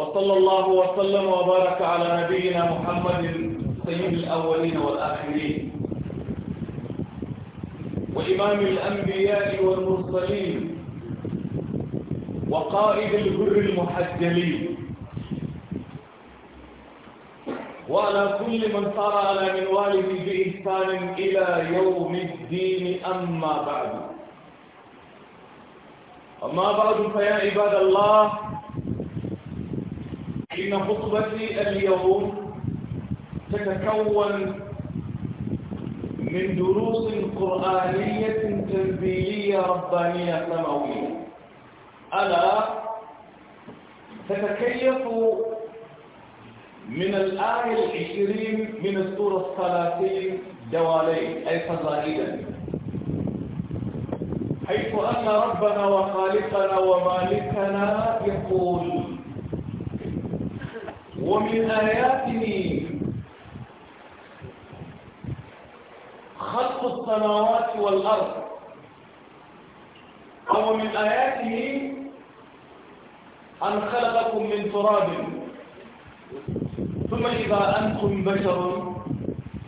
وصلى الله وسلم وبارك على نبينا محمد سيد الأولين والآخرين وإمام الأنبياء والمرسلين وقائد الغر المحجلين وعلى كل من صار على منواله بإحسان إلى يوم الدين أما بعد أما بعد فيا عباد الله إن خطبتي اليوم تتكون من دروس قرآنية تنزيلية ربانية سماوية ألا تتكيف من الآية العشرين من السورة الثلاثين دوالي أي فضائلا حيث أن ربنا وخالقنا ومالكنا يقول ومن آياته خلق السماوات والأرض أو من آياته أن خلقكم من تراب ثم إذا أنتم بشر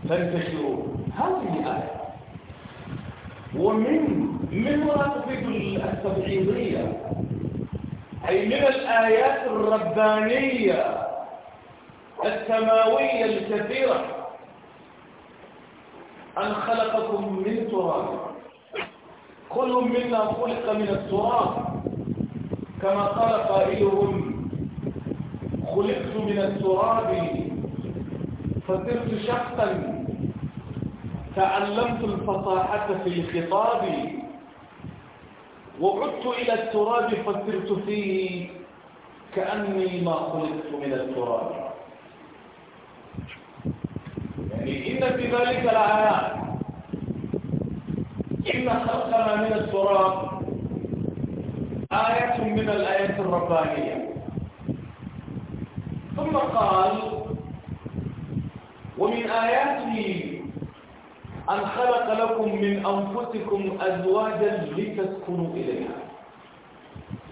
فانتشروا هذه الآية ومن من راتبة التبعيضية أي من الآيات الربانية السماوية الكثيرة أن خلقكم من تراب كل منا خلق من التراب كما قال قائلهم خلقت من التراب فصرت شخصا تعلمت الفصاحة في الخطاب وعدت إلى التراب فصرت فيه كأني ما خلقت من التراب إن في ذلك لآيات إن خلقنا من التراب آية من الآيات الربانية ثم قال ومن آياته أن خلق لكم من أنفسكم أزواجا لتسكنوا إليها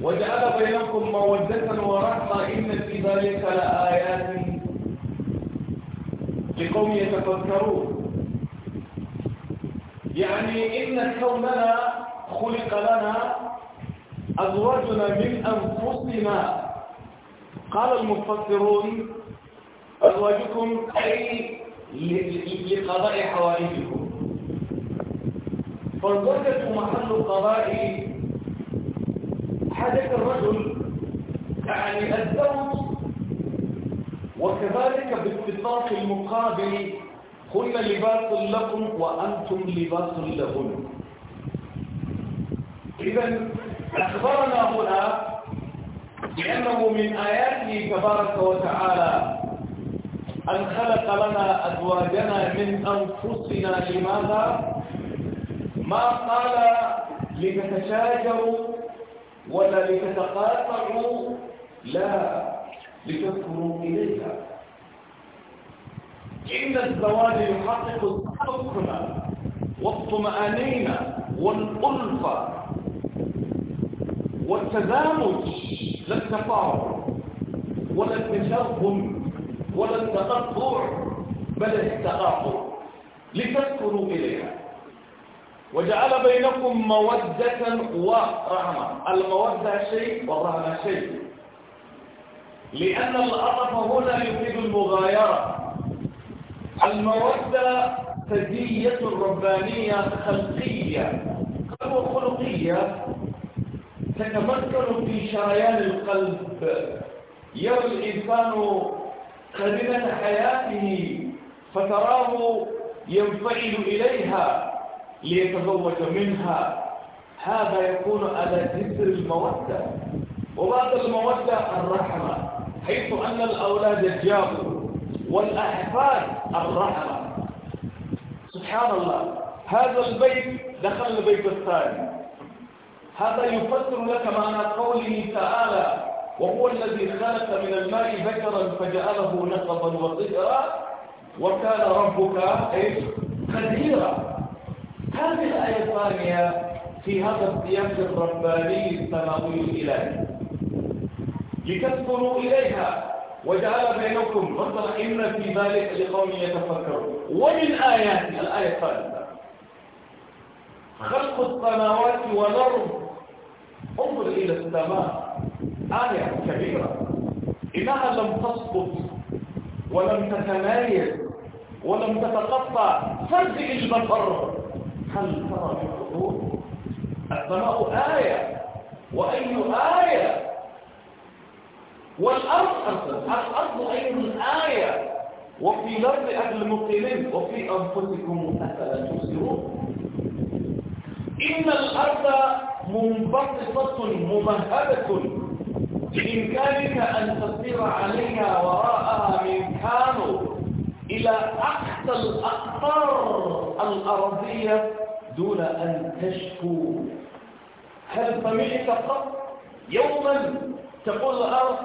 وجعل بينكم مودة ورحمة إن في ذلك لآيات لقوم يتفكرون يعني إن كوننا خلق لنا أزواجنا من أنفسنا قال المفسرون أزواجكم أي لقضاء حوائجكم فالزوجة محل قضاء حدث الرجل يعني الزوج وكذلك باتفاق المقابل هن لباس لكم وأنتم لباس لهن إذا أخبرنا هنا بأنه من آياته تبارك وتعالى أن خلق لنا أزواجنا من أنفسنا لماذا؟ ما قال لتتشاجروا ولا لتتقاطعوا لا لتذكروا إليها إن الزواج يحقق السكن والطمأنينة والألفة والتزامج لا التفاعل ولا التشاؤم ولا التقطع بل التقاطع لتسكنوا إليها وجعل بينكم مودة ورحمة المودة شيء والرحمة شيء لأن الأطف هنا يفيد المغايرة المودة ثدية ربانية خلقية أو خلقية تتمكن في شريان القلب يرى الإنسان قرينة حياته فتراه ينفعل إليها ليتزوج منها هذا يكون على جسر المودة وبعد المودة الرحمة حيث أن الأولاد الجاب والأحفاد الرحمة سبحان الله هذا البيت دخل البيت الثاني هذا يفسر لك معنى قوله تعالى وهو الذي خلق من الماء ذكرا فجعله نقبا وطئرا وكان ربك ايش قديرا هذه الآية الثانية في هذا السياق الرباني السماوي الإلهي لتسكنوا إليها وجعل بينكم مصدر إن في ذلك لقوم يتفكرون ومن آيات الآية الثالثة خلق السماوات والأرض انظر إلى السماء آية كبيرة إنها لم تسقط ولم تتمايز ولم تتقطع فرد البصر هل ترى في الخطوط السماء آية وأي آية والأرض أصلا الأرض أيضا آية وفي الأرض أهل المقيمين وفي أنفسكم أفلا تبصرون إن الأرض منبسطة ممهدة بإمكانك أن تسير عليها وراءها من كانوا إلى أقصى الأقطار الأرضية دون أن تشكو هل سمعت قط يوما تقول الأرض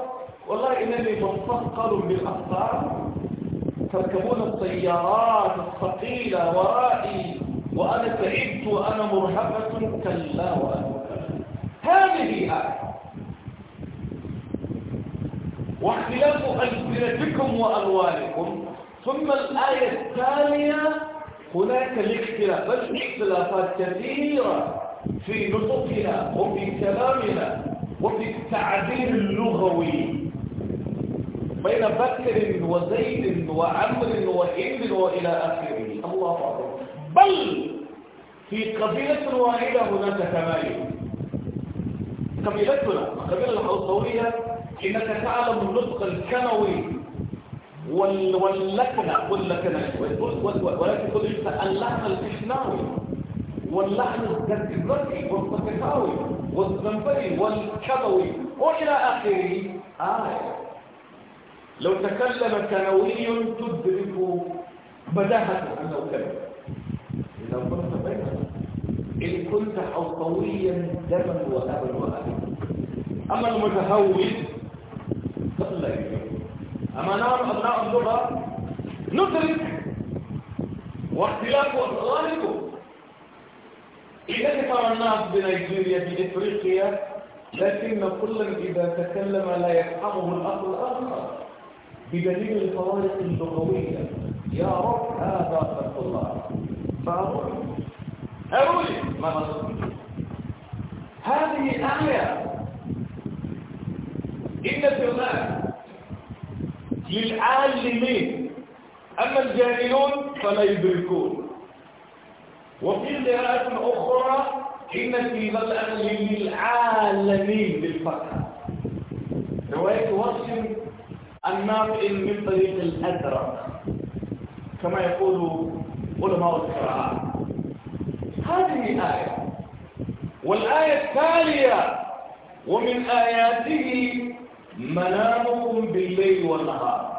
والله إنني منثقل بالأخطار تركبون الطيارات الثقيلة ورائي وأنا تعبت وأنا مرهقة كلا وأنا هذه آية واختلاف ألسنتكم وألوانكم ثم الآية الثانية هناك الاختلاف بل اختلافات كثيرة في نطقنا وفي كلامنا وفي التعبير اللغوي بين بكر وزيد وعمر وهند وإلى آخره الله أكبر بل في قبيلة واحدة هناك تمايز قبيلتنا القبيلة الحوصوية إنك تعلم النطق الكنوي واللكنة واللكنة ولكن كل لسه اللحن الإشناوي واللحن الزكزكي والصفحاوي والزنبري والكبوي وإلى آخره آه لو تكلم كنوي تدرك بداهته أنه كذب إذا انظرت بيننا إن كنت حوطويا دما وأبا وأبا أما المتهور فلا أما نار أبناء اللغة ندرك واختلاف أخوانكم إذا ترى الناس بنيجيريا في إفريقيا لكن كل إذا تكلم لا يفهمه الأخ الآخر بجميع الفوارق اللغوية يا رب هذا خلق الله فأقول أقول ما نصدق هذه الايه إن الفرمان للعالمين أما الجاهلون فلا يدركون وفي قراءة أخرى إن في ظل للعالمين بالفتحة رواية وصل النافع من طريق الأزرق كما يقول علماء القراءات هذه آية والآية التالية ومن آياته منامكم بالليل والنهار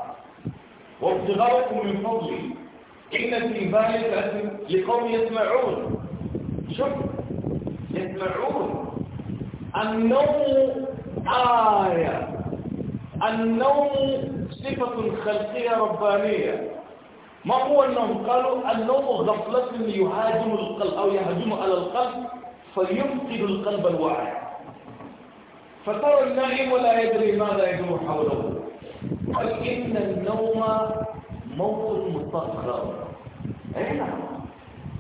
وابتغاركم من فضله إن في ذلك لقوم يسمعون شوف يسمعون النوم آية النوم صفة خلقية ربانية ما هو النوم قالوا النوم غفلة يهاجم القلب أو يهجم على القلب فيفقد القلب الوعي فترى النائم ولا يدري ماذا يدور حوله بل إن النوم موت مستقر نعم.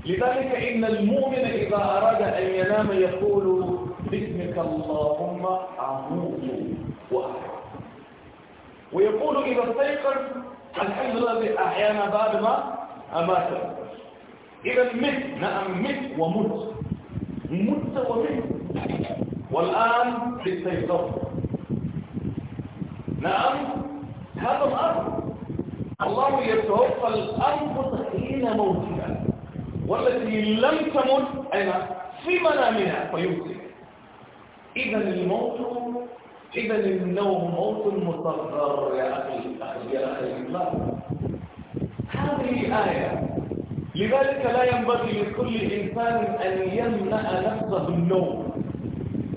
لذلك إن المؤمن إذا أراد أن ينام يقول باسمك اللهم أموت وأحيا ويقول إذا استيقظ الحمد لله أحيانا بعد ما أمات إذا مت نعم مت ومت مت ومت والآن في السيطرة نعم هذا الأمر الله يتوفى الأنفس حين موتها والتي لم تمت أنا في منامها فيمسك إذا الموت إذا النوم موت مصغر يا أخي يا أخي الله هذه آية لذلك لا ينبغي لكل إنسان أن يملأ نفسه النوم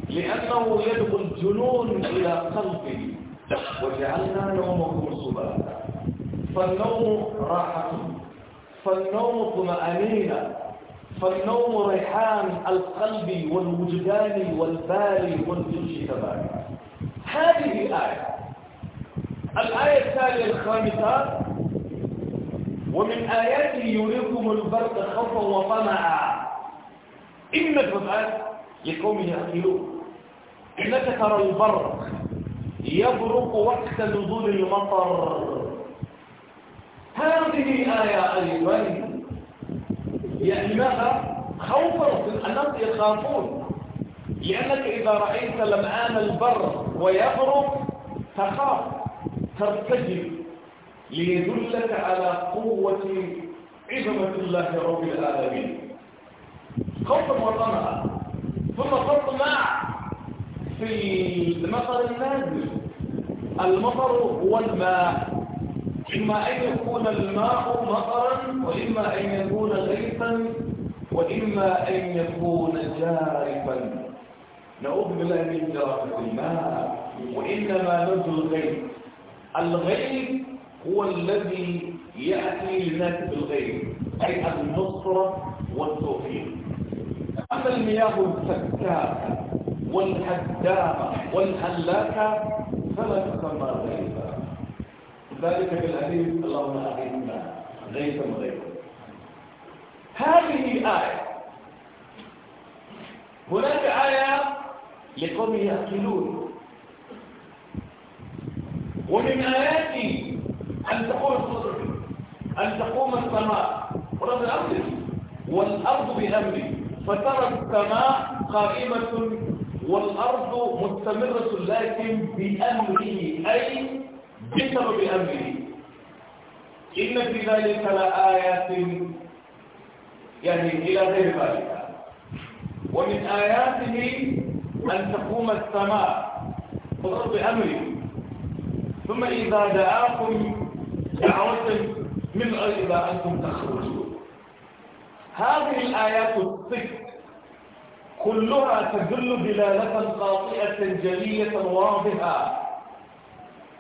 لأنه يدخل جنون إلى قلبه وجعلنا نومكم سباتا فالنوم راحة فالنوم طمأنينة فالنوم ريحان القلب والوجدان والبال والجلد تبارك هذه آية الآية الثالثة الخامسة ومن آياته يريكم البرد خوفا وطمعا إن الربعات لكم يعقلون إنك ترى البرق يبرق وقت نزول المطر هذه آية أيضا يعني ماذا؟ خوفا الناس يخافون لأنك إذا رأيت لمعان البرق ويغرب تخاف ترتجل ليدلك على قوة عظمة الله رب العالمين خوف وطمعا ثم تطمع في المطر النازل المطر هو الماء إما أن يكون الماء مطرا وإما أن يكون غيثا وإما أن يكون جارفا نعوذ بالله من شراكة الماء وإنما نزل الغيب الغيب هو الذي يأتي لناس بالغيب أي النصرة والتوفيق أما المياه الفكاكه والهدامة والهلاكة فلا تسمى غيبا ذلك بالحديث اللهم أعلمنا غيبا غيبا هذه آية هناك آية لقوم يأكلون ومن آياته أن تقوم الصدر أن تقوم السماء ورد الأرض والأرض بأمري فترى السماء قائمة والأرض مستمرة لكن بأمره أي بسبب أمره إن في ذلك لآيات يعني إلى غير ذلك ومن آياته أن تقوم السماء بغض أمري ثم إذا دعاكم دعوة من إذا أنتم تخرجون هذه الآيات الست كلها تدل دلالة قاطئة جلية واضحة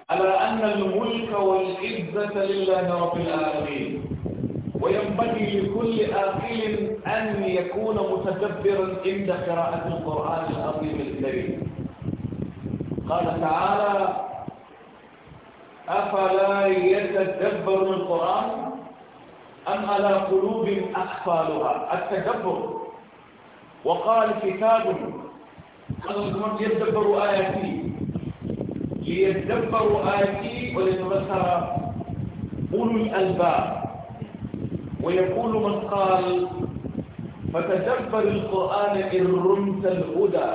على أن الملك والعزة لله رب العالمين وينبغي لكل آقل أن يكون متدبرا عند قراءة القرآن العظيم الكريم قال تعالى أفلا يتدبر القرآن أم على قلوب أقفالها التدبر وقال كتاب يتدبر آياتي ليتدبروا آياتي ولتذكر أولو الألباب ويقول من قال فتدبر القرآن إن رمت الهدى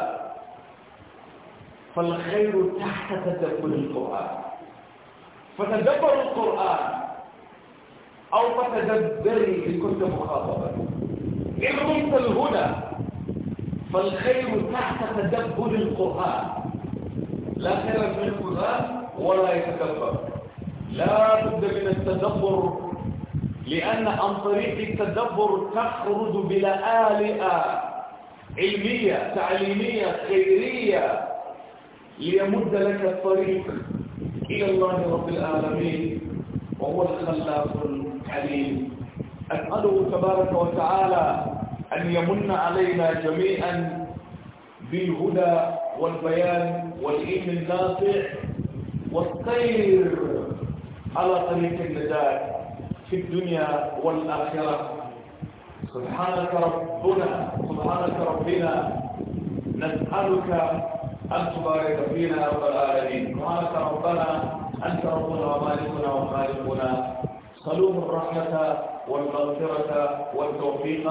فالخير تحت تدبر القرآن فتدبر القرآن أو فتدبري إن كنت مخاطبا إن رمت الهدى فالخير تحت تدبر القرآن لا خير في القرآن ولا يتدبر لا بد من التدبر لأن عن طريق التدبر تخرج بلآلئة علمية تعليمية خيرية ليمد لك الطريق إلى الله رب العالمين وهو الخلاق العليم أسأله تبارك وتعالى أن يمن علينا جميعا بالهدى والبيان والعلم النافع والسير على طريق النجاة في الدنيا والآخرة سبحانك ربنا سبحانك ربنا نسألك أن تبارك فينا رب العالمين سبحانك ربنا أنت ربنا ومالكنا وخالقنا صلوه الرحمة والمغفرة والتوفيق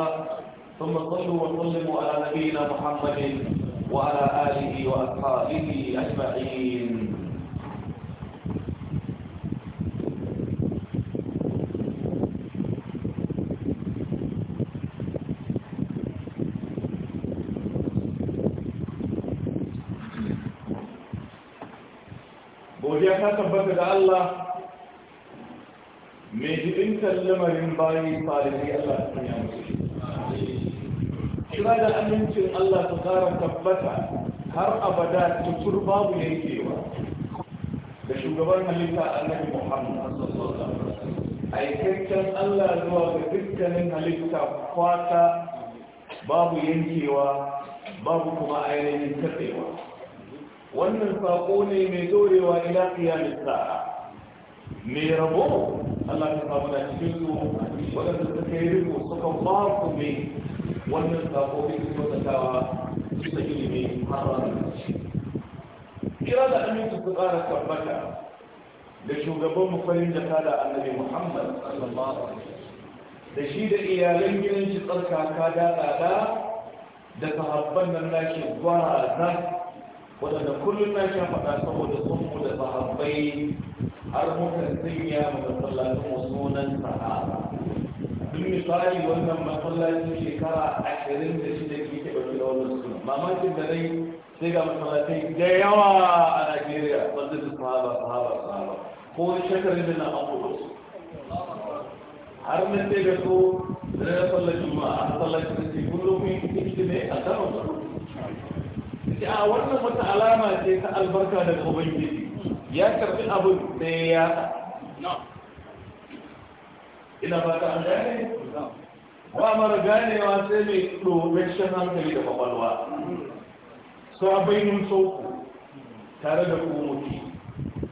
ثم صلوا وسلموا على نبينا محمد وعلى آله وأصحابه أجمعين ga Allah mai jiɗin lamarin bayi faruwa Allah ta yi musu da amincin Allah su ƙara tabbata har abada tukur babu yankewa da shugaban halitta annabi Muhammad aikakken Allah zuwa ga dukkanin halitta kwata babu yankewa babu kuma ainihin katsewa wannan saƙo ne mai dorewa ila qiyamis sa'a me rabo Allah ya samu da cikin su wadanda suka yi riko suka ba mai wannan saƙo ne kuma su kwatatawa bisa ilimi har ranar kira da aminci su ƙara tabbata da shugaban mu farin jaka da annabi muhammad sallallahu alaihi da shi da iyalan gidan shi tsarka tsarkaka da tsada da sahabban nan nake gwara zan wadanda kullum na sha faɗa saboda sunmu da sahabbai har muka sanya mu masallacin mu sunan sahaba duk misali wannan masallacin shekara ashirin da shida ke taɓa da wannan suna mamakin da dai sai ga masallacin da yawa a najeriya wanda su sahaba sahaba sahaba ko wani shekarun da na an kuɗo har mun sai ga so da na sallar juma'a a sallar da ke kullum yin ikini a saman sai a wannan wata alama ce ta albarka daga ubangiji ya karbi abin da ya yasa ina ba ta gane ba mara ganewa sai mai ɗorashin hankali da kwakwalwa su a bainin sauku tare da kumoki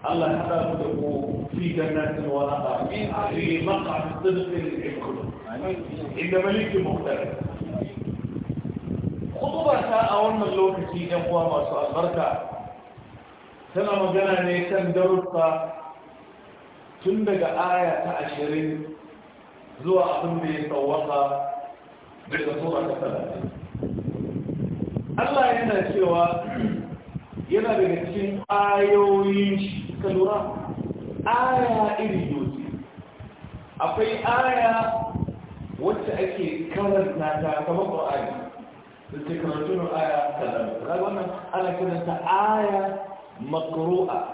Allah ya haɗa da ku fi wani abu a yi maka a cikin ɗin ɗin kudu inda maliki muhtar ta a wannan lokaci ɗan kuwa masu albarka tana magana ne kan darussa tun daga aya ta ashirin zuwa abin da ya tsawaka daga tura ta talatin Allah yana cewa yana daga cikin ayoyin shi ka lura aya iri yoti akwai aya wacce ake karanta ta kamar ƙwa'ari تكررت له آية كذا قال وانا أنا كنت آية مقروءة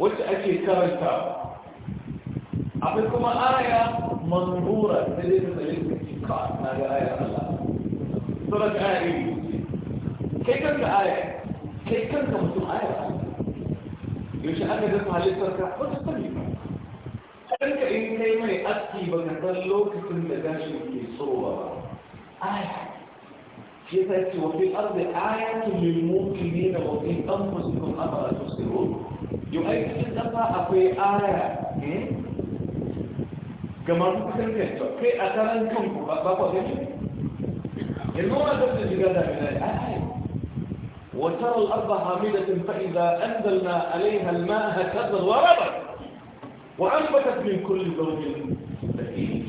وش أكي كررتها أقول لكم آية مظهورة تجد تجد كار هذه آية الله سورة آية, آية كيف كانت آية كيف كانت مسلم آية يوشي أنا جسمها لسرك وتستمي أنت إن كلمة أتي بكتر لوك كنت داشي في صورة آية كيف وفي الأرض آية للمؤمنين وفي أنفسكم أفلا تبصرون يؤيد في الدفع أقوي آية،, آية كما تفكر فيه كي أتلن كم بابا ذلك المرة تبدأ جدا من الآية وترى الأرض حامدة فإذا أنزلنا عليها الماء هكذا وربت وأنبتت من كل زوج بديل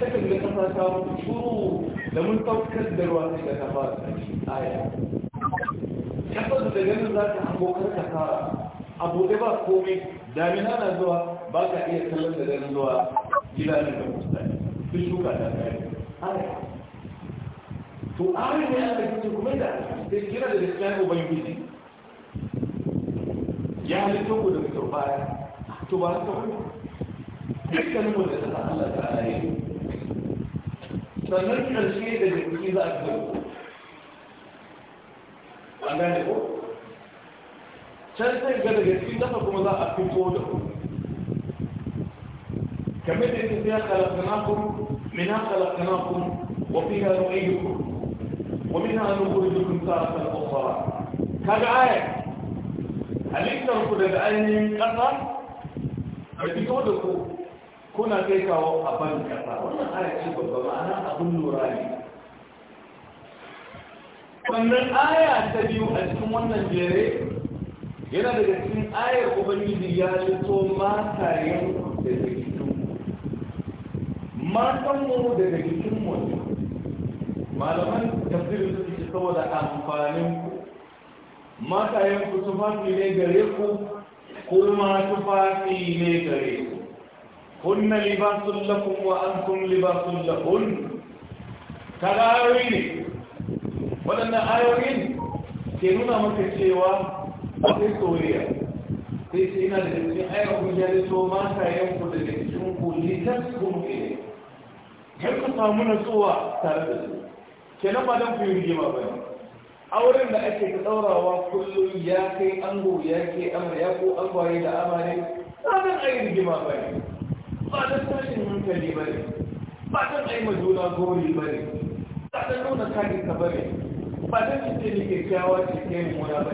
تكن لكثرة شروط da mun saukar da ruwa sai ka da aya kasar da ganin za ka abokan ka fara abu da ba komai damina na zuwa ba ka iya kallon da ganin zuwa gida ne da mutane sun shuka ta kai aya to aya ne aka cikin kuma da sai kira da gaskiya ubangiji ya halitta ku mutum baya to ba ta wani dukkanin mu da ta Allah ta ayi sannan ƙarshe da jirgi za a zai an gane ko can sai ga daga cikin dafa kuma za a fito da ku kamar da yake ya khalaqnakum min khalaqnakum wa fiha nu'idukum wa minha nukhrijukum taratan ukhra kaga aya halittar ku daga ainihin ƙasa a fito da ku kuna kai kawo a ban kasa wannan aya ce babba ma'ana abin lura ne sannan aya ta biyu a cikin wannan jere yana daga cikin ayar ubangiji ya lito matayen daga Matan matanmu daga jikin ne malaman tafsirin su ce saboda amfanin ku matayen ku tufafi ne gare ku kuma tufafi ne gare ku هن لباس لكم وأنتم لباس لهن kaga ayoyi ne waɗannan ayoyin ke nuna maka cewa akwai soyayya sai ce ina da cikin ayyukan ya da so mata yanku da cikin ku litas kun ne har ku samu natsuwa tare da su kenan ba dan ku yi rigima auren da ake tsaurawa kullum ya kai ango ya ke amara ya ko angwaye da amare ba dan ayi rigima ba ba ta tashin hankali ba ne ba ta tsaye juna gori ba ne ba ta nuna kanin ka ba ne ba ta cikin da ke kyawa ce kai mura ba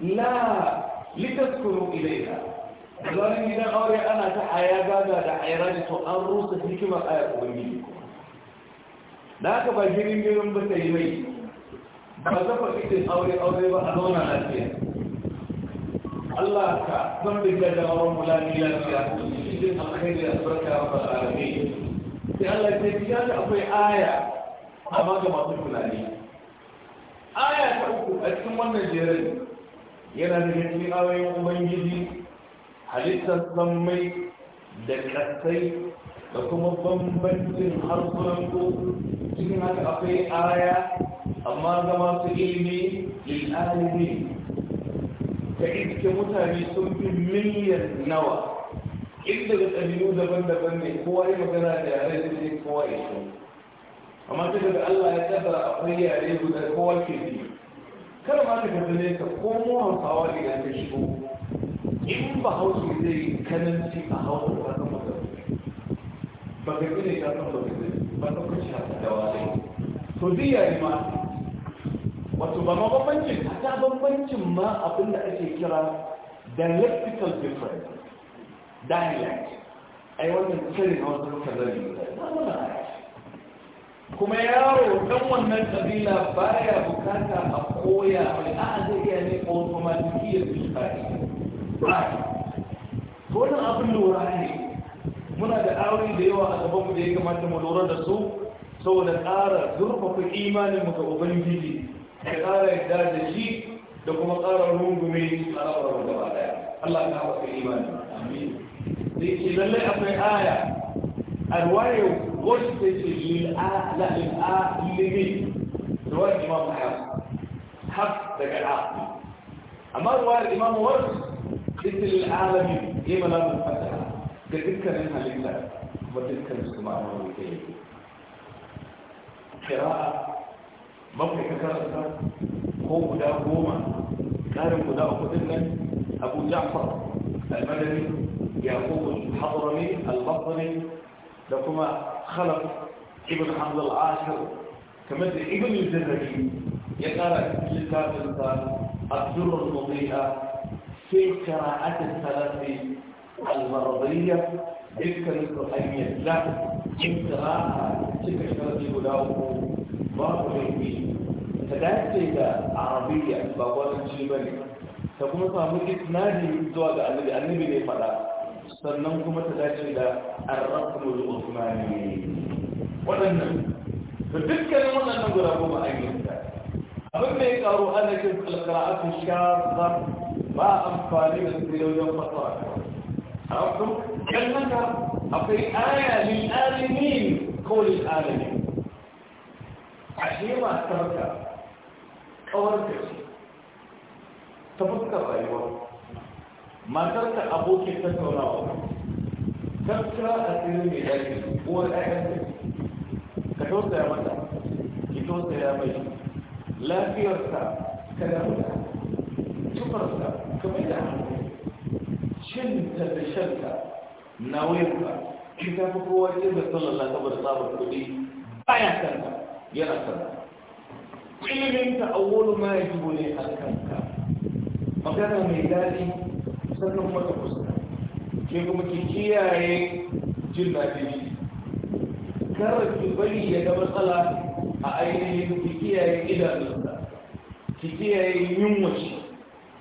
ne la litaskuru ilaika zarin gidan aure ana ta aya gaga da aira da to an rusa hikimar ayar ubangiji da haka ba girin girin ba ta yi mai ba zafa cikin aure aure ba a zauna lafiya Allah ka bambika da mawan mulani lafiya cikin alkhairi albarka rabbal alamin sai Allah ya ce ya akwai aya amma ga masu tunani aya ta uku a cikin wannan jerin yana da cikin ayoyin ubangiji halittar sammai da kasai da kuma bambancin harsunan ko cikin haka akwai aya amma ga masu ilimi lil'alimi ta iske mutane sun fi miliyan nawa inda daga ƙabilu daban-daban ne kowa ya magana da yare da ne kowa ya shi amma ta daga allah ya ƙasa akwai yare guda kowa ke ji kar ma ka kasu ne ka komo hausawa da ya shigo in ba hausa zai yi kananci a hausa da kan masa ba ka gine ka san ba ka gine ba ka kuce haka da wani to duk yare ma wato ba ma bambancin ta bambancin ma abin da ake kira dialectical difference dialect ai wannan tsari na wasu kazari kuma yaro dan wannan kabila baya bukata a koya mai a zai iya ne automatically bilfari ko nan abin lura ne muna da aure da yawa a gaban mu da ya kamata mu lura da su saboda ƙara zurfafa imanin mu ga ubangiji da ƙara yadda da shi da kuma ƙara rungume a rabar gaba ɗaya Allah ta haɓaka imani da ke lallai akwai aya alwaye wacce ta ce lil'alimi ruwar imam haf haf daga a amma ruwar imam wasu ita lil'alami ya mana mun fata ga dukkanin halitta ba dukkan su ma'amuru da yake kira'a mafi ka karanta ko guda goma ƙarin guda uku din nan abu ja'far al-madani yaqub al-hadrami al-basri da kuma khalaf ibn hamd al-ashir kamar da ibn al-jazari ya ƙara littafin sa الدر المضيئة في قراءة الثلاث المرضية ذكر القرآنية لا قراءة تلك الثلاث يقول Ba babu laifi ta dace da arabiya ba gwaranci ba ne ta kuma samu isnadi zuwa ga annabi annabi ne faɗa sannan kuma ta dace da arrafin da usmani waɗannan da dukkanin waɗannan guda goma an yi ta abin da ya karo ana kin alƙara'atu shafa ba amfani da su yau fasaha a kan haka akwai aya lil alimin kawai lil alimin ashe masu tabbata kawar da shi ta fuskar rayuwa matar ta abokin tattaunawa tattara a tsirin mai daji uwar ayyanta ka tausaya mata ki tausaya mai lafiyarsa ka damuta tufarsa ka mai da hannu. cin ta da shanka ki tafi kowa ce da sallallahu alaihi wa kuɗi baya kanka yana sana ilimin ta awolu ma yajibu ne a magana mai daɗi sannan mata fuska ke kuma ki kiyaye jin daɗi kar ki bari ya ga matsala a ainihin ki kiyaye idanunsa ki kiyaye yunwa shi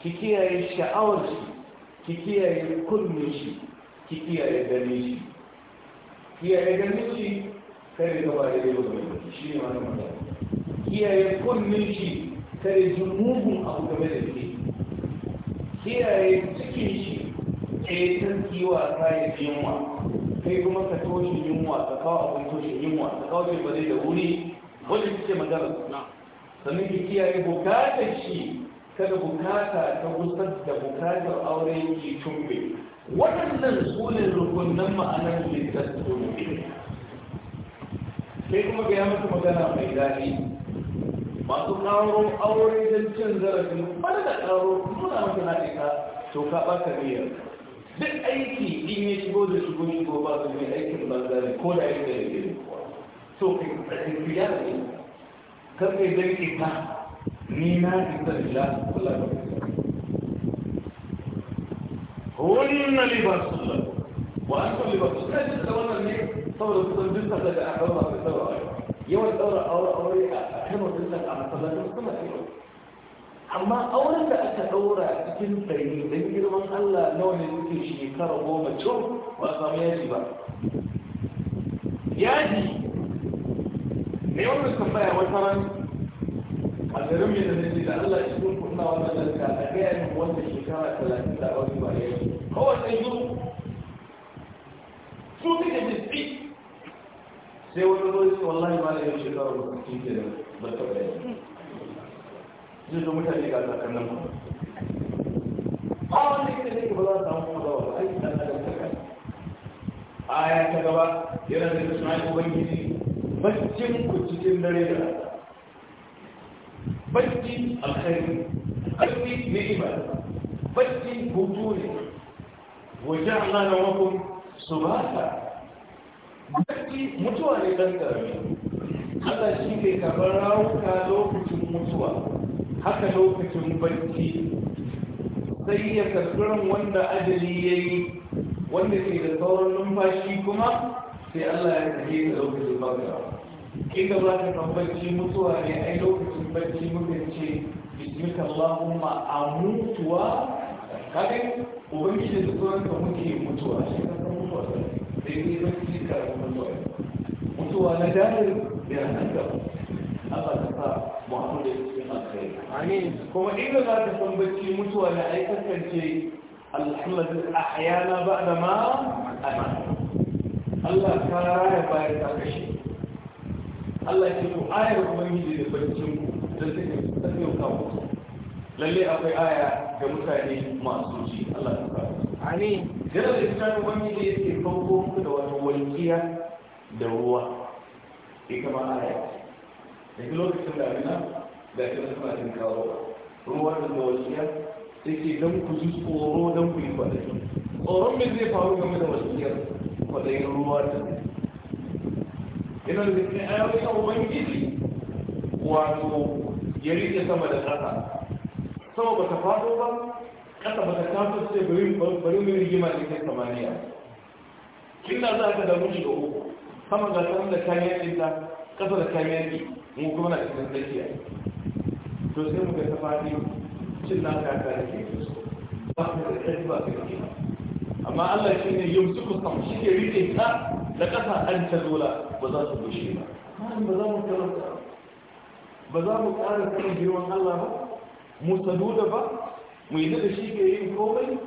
ki kiyaye sha'awar shi ki kiyaye kullum shi ki kiyaye ganin shi kiyaye ganin shi kare gaba da yau shi ne wani magana kiyaye kunnin shi kare ji mugun abu game da shi kiyaye cikin shi ƙetan kiwa kayan yunwa kai kuma ka toshe yunwa ka kawo abin toshe yunwa ka kawo shi bare da wuri wajen ce magana sannan ki kiyaye bukatar shi kada bukata ta gusar da bukatar aure ki tumbe waɗannan su ne rukunan ma'anar littattun sai kuma ga ya musu magana mai daɗi masu ƙaro aure don cin zarafin bada da ƙaro muna musu na ɗika to ka ɓata niyyar duk aiki in ya shigo da shigo ko ba su mai aikin banza ko da aikin da ke so kai tsakiya ne kan kai zai ita ni na isa ila kula da wani na libasun wa an san libasun kai da wannan ne saboda kusan duk sallar da aka rama sai yawan daura aure aure a kan a masallacin kuma ne amma auren da aka daura cikin tsari dan girman Allah nawa ne kuke shekara goma cin ba samu yaji ba yaji ne wannan tambaya wata ran a garin mai da nake da Allah shi kun kunna wannan lalka a gaya min wanda shekara talatin da wasu ba ya yi kowace yi su suke ji sai wani rozi wallahi ma da yau da mutum ke da barka da yau zai zo mutane ga tsakan nan ba A ke da yake ba za a samu kuma zawa ai dan adam ta kai aya ta gaba yana da sunan ubangiji baccin ku cikin dare da bacci alkhairi bacci ni'ima bacci hutu ne wajen Allah na wakon ta. mutuwa ne ɗan karami Allah shi ne kamar rawuka lokacin mutuwa haka lokacin barci sai ya karɓi wanda ajali ya yi wanda ke da sauran numfashi kuma sai Allah ya kake da lokacin bagawa inda ba ta kan barci mutuwa ne ai lokacin barci muka ce bismika Allahumma a mutuwa kaga ubangiji da tsoron ka muke mutuwa shi ka mutuwa sai ni bacci kafin mutuwa mutuwa na dalil ya nan da Allah ta sa mu haɗu cikin alkhairi amin kuma inda za ta san bacci mutuwa na aikatan ce alhamdulillah ahyana ba'da ma amana Allah ta raya bayan ta kashe Allah ya ce ku ayar yi da barcin ku da zai tsaye ka mutu lalle akwai aya ga mutane masu ji Allah ta kawo jira da tsarin ubangiji yake kawo tsintsiya da ruwa ita ma aya yanzu lokacin damina da ake suna cin kawo ruwa da mawasiya yake don ku ji tsoro don ku yi kwaɗayi tsoron mai zai faru game da wasiyar kwaɗayin ruwa da yana da cikin ayoyi na ubangiji wato ya rike sama da ƙasa sama ba ta faɗo ba ƙasa ba ta kafa sai bari mai rigima da ke samaniya kin za ka da miji da uku sama ga tsaron da kayan ɗinta ƙasa da kayan ɗi mu kuma na cikin tsakiya to sai mu ga ta fadi cin na ka ka da ke ba ka da ƙarfi ba ka da amma Allah shi ne yau suku sam shi ke rike ta da ƙasa an ta zola ba za su bushe ba ba za mu karanta ba za mu ƙara kan girman Allah ba mu sadu da ba mu yi da shi ke yin komai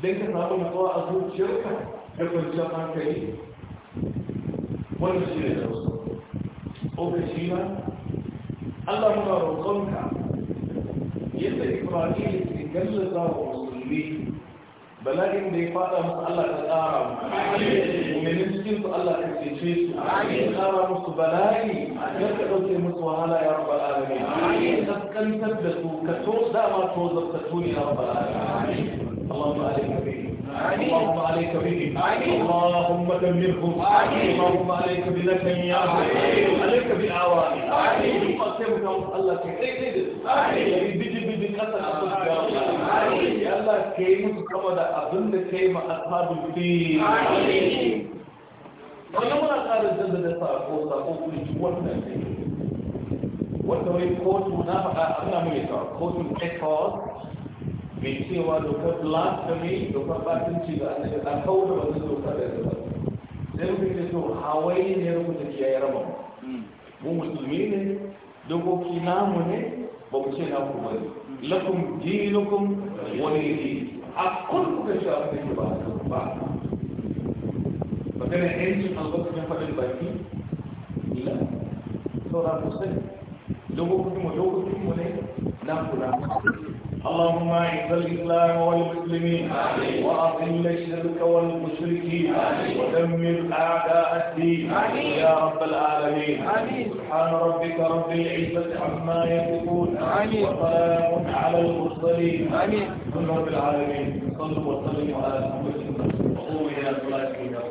don ka samu nutsuwa a zuciyarka da kwanciyar hankali wanda shi ne da wasu lokaci na Allah muna roƙonka yadda Ibrahim ke za wa musulmi bala'in da ya faɗa musu Allah ta tsara umarnin cikin su Allah ka cece su ya tsara musu bala'i ya ka ɗauke musu wahala ya rabbal alamin ya kaskantar da su ka to dama to zartatu ne ya rabbal alamin Allahumma alaihi اللهم عليك بهم اللهم دمرهم اللهم عليك بنتنياهو عليك بالعوائل يقسمك الله كيف إيه، إيه، إيه. يعني بيجي بيجي قتل يا الله كيف كما ده أظن كيف أصحاب الفيل wannan muna ƙara zanda da sako sako kuma ji wannan ne wanda wai kotu na faɗa ana mai sa kotun ecos mai cewa dokar blasphemy dokar batunci da annabi a kawo da wani dokar da zuwa sai mutum da so hawaii ne ya rubuta ya yi raba mu musulmi ne dokoki namu ne ba mu ce na kuma ne lakum dinukum wani ne a kun kuka shi a kai ba ba magana yancin albatu na faɗin baki ila saura ku sani dokokin mu dokokin mu ne na kula اللهم اعز الإسلام والمسلمين وأذل الشرك والمشركين ودمر أعداء الدين يا رب العالمين سبحان ربك رب العزة عما يصفون وسلام على المرسلين من رب العالمين صلوا وسلموا على محمد وقوموا إلى صلاتكم